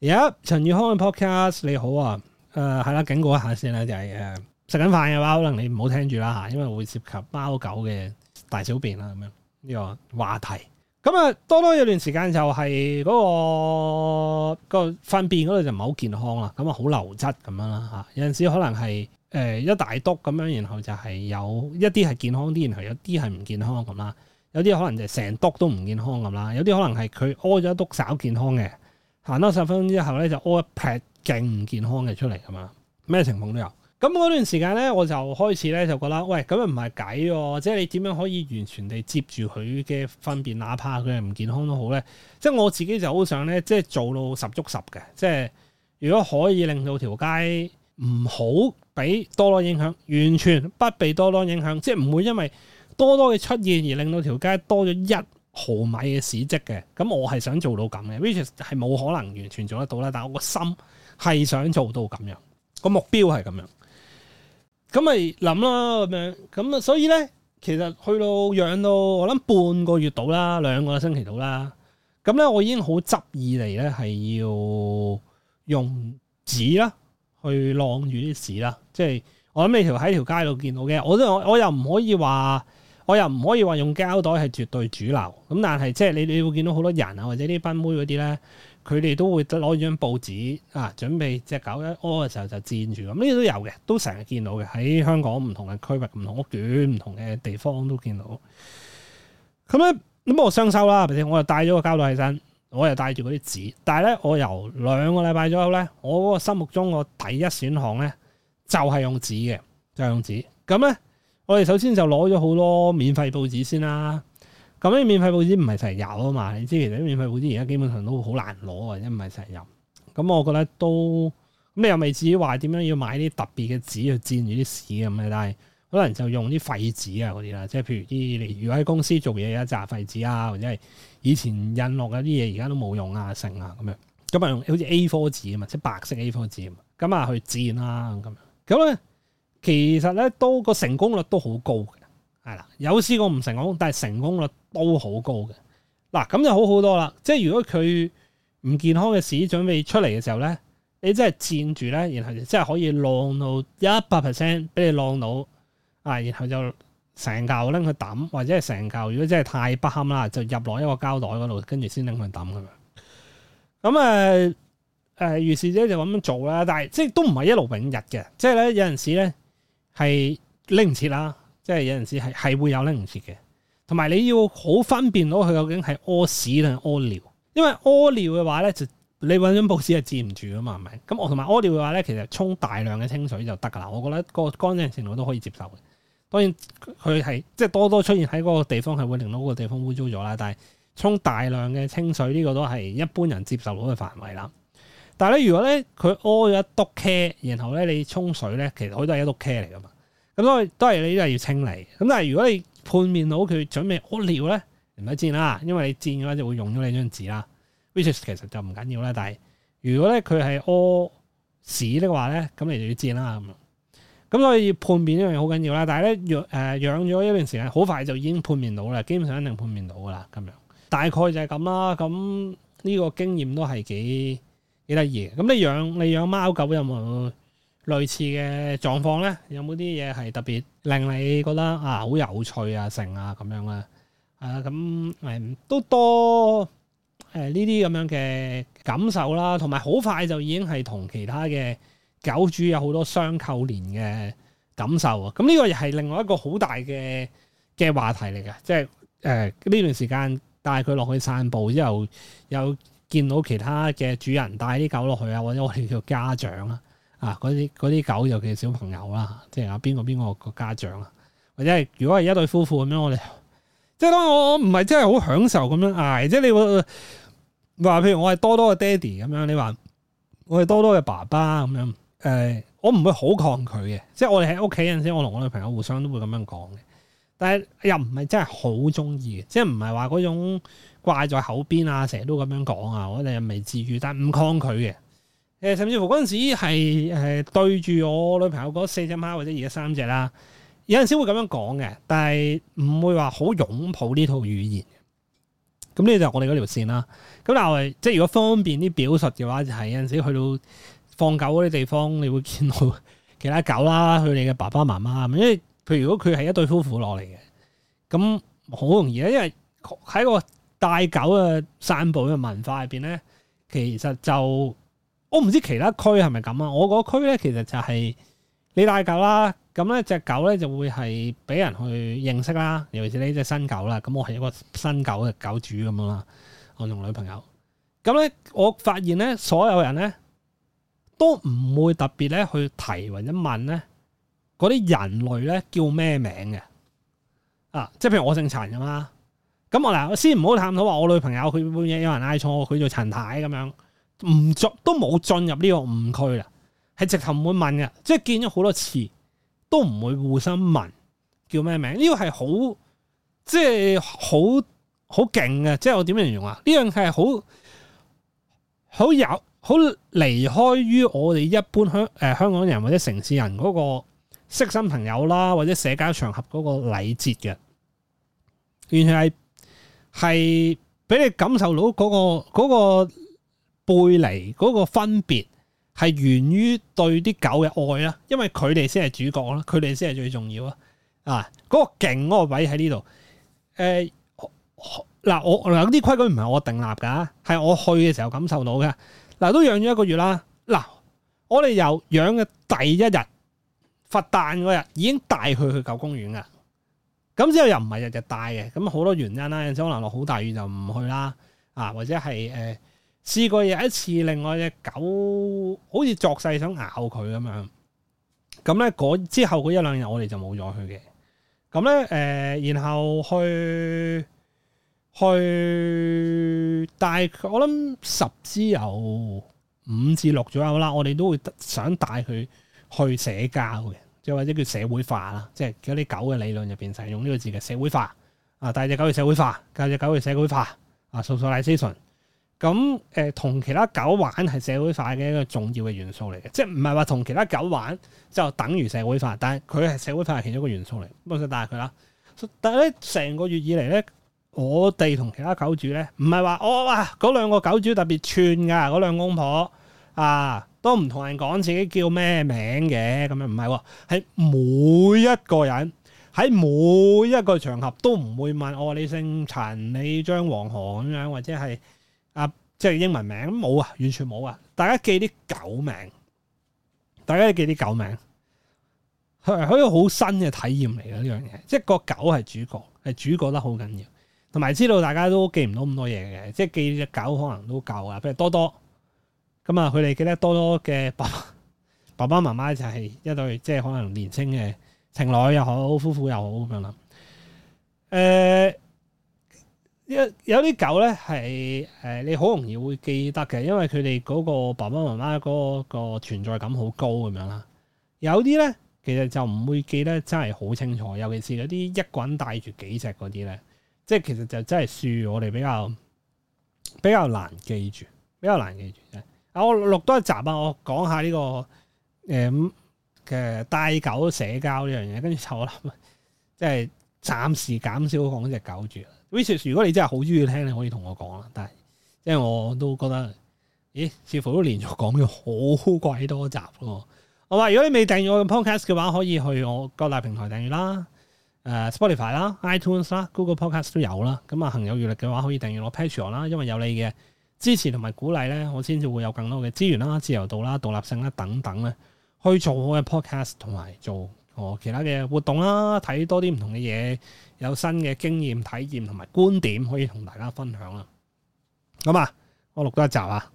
而家陳宇康嘅 Podcast 你好啊，誒係啦，警告一下先啦，就係誒食緊飯嘅話，可能你唔好聽住啦吓，因為會涉及貓狗嘅大小便啦咁樣呢、呢個話題。咁啊，多多有段時間就係嗰、嗰個、嗰個糞便嗰度就唔係好健康啦，咁啊好流質咁樣啦吓，有陣時可能係誒、呃、一大篤咁樣，然後就係有一啲係健康啲，然後有啲係唔健康咁啦，有啲可能就成篤都唔健康咁啦，有啲可能係佢屙咗一篤稍健康嘅。行多十分鐘之後咧，就屙一撇勁唔健康嘅出嚟咁嘛，咩情況都有。咁嗰段時間咧，我就開始咧就覺得，喂，咁又唔係計喎，即係你點樣可以完全地接住佢嘅糞便，哪怕佢係唔健康都好咧。即係我自己就好想咧，即係做到十足十嘅。即係如果可以令到條街唔好俾多多影響，完全不被多多影響，即係唔會因為多多嘅出現而令到條街多咗一毫米嘅市值嘅，咁我係想做到咁嘅，which 係冇可能完全做得到啦。但係我個心係想做到咁樣，個目標係咁樣。咁咪諗啦，咁樣咁啊，所以咧，其實去到養到我諗半個月到啦，兩個星期到啦。咁咧，我已經好執意嚟咧，係要用紙啦去晾住啲屎啦。即係我諗你條喺條街度見到嘅，我都我又唔可以話。我又唔可以話用膠袋係絕對主流咁，但係即係你你會見到好多人啊，或者呢班賓妹嗰啲咧，佢哋都會攞住張報紙啊，準備隻狗一屙嘅時候，就墊住咁，呢啲都有嘅，都成日見到嘅，喺香港唔同嘅區域、唔同屋苑唔同嘅地方都見到。咁咧，咁我雙修啦，係咪先，我又帶咗個膠袋起身，我又帶住嗰啲紙，但係咧，我由兩個禮拜左右咧，我嗰個心目中我第一選項咧就係、係、用紙嘅，就係、用紙咁咧。我哋首先就攞咗好多免費報紙先啦，咁呢免費報紙唔係成日有啊嘛，你知其實啲免費報紙而家基本上都好難攞或者唔係成日有。咁我覺得都，咁你又未至於話點樣要買啲特別嘅紙去煎住啲屎咁咧，但係可能就用啲廢紙啊嗰啲啦，即係譬如啲，你如果喺公司做嘢有一紮廢紙啊，或者係以前印落嗰啲嘢而家都冇用啊剩啊咁樣，咁啊用好似 A4 紙啊，即白色 A4 紙，咁啊去煎啦咁樣，咁咧。其實咧都個成功率都好高嘅，係啦，有試過唔成功，但係成功率都好高嘅。嗱、啊，咁就好好多啦。即係如果佢唔健康嘅屎準備出嚟嘅時候咧，你真係佔住咧，然後即真係可以浪到一百 percent 俾你浪到啊，然後就成嚿拎去抌，或者係成嚿如果真係太不堪啦，就入落一個膠袋嗰度，跟住先拎去抌咁樣。咁、嗯、啊，誒、呃，如、呃、是者就咁樣做啦。但係即係都唔係一勞永逸嘅，即係咧有陣時咧。係拎唔切啦，即係有陣時係係會有拎唔切嘅，同埋你要好分辨到佢究竟係屙屎定係屙尿，因為屙尿嘅話咧就你揾張報紙係接唔住噶嘛，係咪？咁我同埋屙尿嘅話咧，其實沖大量嘅清水就得噶啦，我覺得個乾淨程度都可以接受嘅。當然佢係即係多多出現喺嗰個地方係會令到嗰個地方污糟咗啦，但係沖大量嘅清水呢個都係一般人接受到嘅範圍啦。但係咧，如果咧佢屙咗一篤茄，然後咧你沖水咧，其實佢都係一篤茄嚟噶嘛。咁所以都係你都係要清理。咁但係如果你判面到佢準備屙尿咧，唔使賤啦，因為你賤嘅話就會用咗你張紙啦。which is 其實就唔緊要啦。但係如果咧佢係屙屎的話咧，咁你就要賤啦咁樣。咁所以要判面呢樣嘢好緊要啦。但係咧養誒養咗一段時間，好快就已經判面到啦，基本上一定判面到噶啦。咁樣大概就係咁啦。咁呢個經驗都係幾～幾得意，咁你養你養貓狗有冇類似嘅狀況咧？有冇啲嘢係特別令你覺得啊好有趣啊成啊咁樣咧？啊咁誒、嗯、都多誒呢啲咁樣嘅感受啦，同埋好快就已經係同其他嘅狗主有好多相扣連嘅感受啊！咁呢個又係另外一個好大嘅嘅話題嚟嘅，即係誒呢段時間帶佢落去散步之後有。見到其他嘅主人帶啲狗落去啊，或者我哋叫家長啦，啊嗰啲啲狗尤其係小朋友啦，即係啊邊個邊個個家長啊，或者係如果係一對夫婦咁樣，我哋即係當我唔係真係好享受咁樣嗌，即係你會話、呃、譬如我係多多嘅爹哋咁樣，你話我係多多嘅爸爸咁樣，誒、呃、我唔會好抗拒嘅，即係我哋喺屋企嗰陣時，我同我女朋友互相都會咁樣講嘅。但係又唔係真係好中意嘅，即係唔係話嗰種掛在口邊啊，成日都咁樣講啊，我哋又未至於，但係唔抗拒嘅。誒，甚至乎嗰陣時係誒對住我女朋友嗰四隻貓或者二隻三隻啦，有陣時會咁樣講嘅，但係唔會話好擁抱呢套語言。咁呢就係我哋嗰條線啦。咁但係即係如果方便啲表述嘅話，就係、係、有陣時去到放狗嗰啲地方，你會見到其他狗啦，佢哋嘅爸爸媽媽，因為。譬如，如果佢係一對夫婦落嚟嘅，咁好容易咧，因為喺個帶狗嘅散步嘅文化入面咧，其實就我唔知其他區係咪咁啊。我嗰區咧，其實就係你帶狗啦，咁咧隻狗咧就會係俾人去認識啦。尤其是呢隻新狗啦，咁我係一個新狗嘅狗主咁樣啦，我同女朋友。咁咧，我發現咧，所有人咧都唔會特別咧去提或者問咧。嗰啲人類咧叫咩名嘅？啊，即係譬如我姓陳噶嘛，咁我嗱，我先唔好探討話我女朋友佢半夜有人嗌錯，佢做陳太咁樣，唔作都冇進入呢個誤區啦，係直頭唔會問嘅，即係見咗好多次都唔會互相問叫咩名，呢個係好即係好好勁嘅，即係我點形容啊？呢樣係好好有好離開於我哋一般香誒香港人或者城市人嗰個。識新朋友啦，或者社交場合嗰個禮節嘅，完全係係俾你感受到嗰、那個嗰、那個背離嗰、那個分別，係源於對啲狗嘅愛啦，因為佢哋先係主角啦，佢哋先係最重要啊！啊，嗰、那個勁嗰個位喺呢度。誒，嗱，我有啲規矩唔係我訂立噶，係我去嘅時候感受到嘅。嗱、啊，都養咗一個月啦。嗱、啊，我哋由養嘅第一日。發誕嗰日已經帶佢去舊公園噶，咁之後又唔係日日帶嘅，咁好多原因啦。有陣可能落好大雨就唔去啦，啊，或者係誒，試過有一次，另外隻狗好似作勢想咬佢咁樣，咁咧之後嗰一兩日我哋就冇咗去嘅。咁咧誒，然後去去帶我諗十支有五至六左右啦，我哋都會想帶佢。去社交嘅，即係或者叫社會化啦，即係嗰啲狗嘅理論入邊就係用呢個字嘅社會化。啊，帶隻狗去社會化，帶隻狗去社會化。啊，掃掃拉斯頓。咁、嗯、誒、嗯嗯，同其他狗玩係社會化嘅一個重要嘅元素嚟嘅，即係唔係話同其他狗玩就等於社會化，但係佢係社會化嘅其中一個元素嚟。不過就帶佢啦。但係咧，成個月以嚟咧，我哋同其他狗主咧，唔係話哦，哇嗰兩個狗主特別串㗎，嗰兩公婆啊。都唔同人講自己叫咩名嘅。咁樣唔係喎，係、哦、每一個人喺每一個場合都唔會問我、哦、你姓陳，你張黃鴻咁樣，或者係啊，即、就、係、是、英文名冇啊，完全冇啊！大家記啲狗名，大家記啲狗名，佢係一個好新嘅體驗嚟嘅呢樣嘢，即係個狗係主角，係主角得好緊要，同埋知道大家都記唔到咁多嘢嘅，即係記隻狗可能都夠啊，譬如多多。咁啊，佢哋記得多多嘅爸爸爸媽媽就係一對，即係可能年青嘅情侶又好，夫婦又好咁樣啦。誒、呃，有有啲狗咧係你好容易會記得嘅，因為佢哋嗰個爸爸媽媽嗰個存在感好高咁樣啦。有啲咧，其實就唔會記得真係好清楚，尤其是嗰啲一個人帶住幾隻嗰啲咧，即係其實就真係輸我哋比較比較難記住，比較難記住嘅。哦、我錄多一集啊！我講下呢、這個誒嘅帶狗社交呢樣嘢，跟住就我諗，即係暫時減少講隻狗住。w i s h e s 如果你真係好中意聽，你可以同我講啦。但係即係我都覺得，咦，似乎都連續講咗好鬼多集咯。我話如果你未訂閱我嘅 Podcast 嘅話，可以去我的各大平台訂閱啦，誒、呃、Spotify 啦、iTunes 啦、Google Podcast 都有啦。咁啊，行有餘力嘅話，可以訂閱我 Patreon 啦，因為有你嘅。支持同埋鼓勵咧，我先至會有更多嘅資源啦、自由度啦、獨立性啦等等咧，去做好嘅 podcast 同埋做我其他嘅活動啦，睇多啲唔同嘅嘢，有新嘅經驗體驗同埋觀點可以同大家分享啦。咁啊，我錄多一集啊！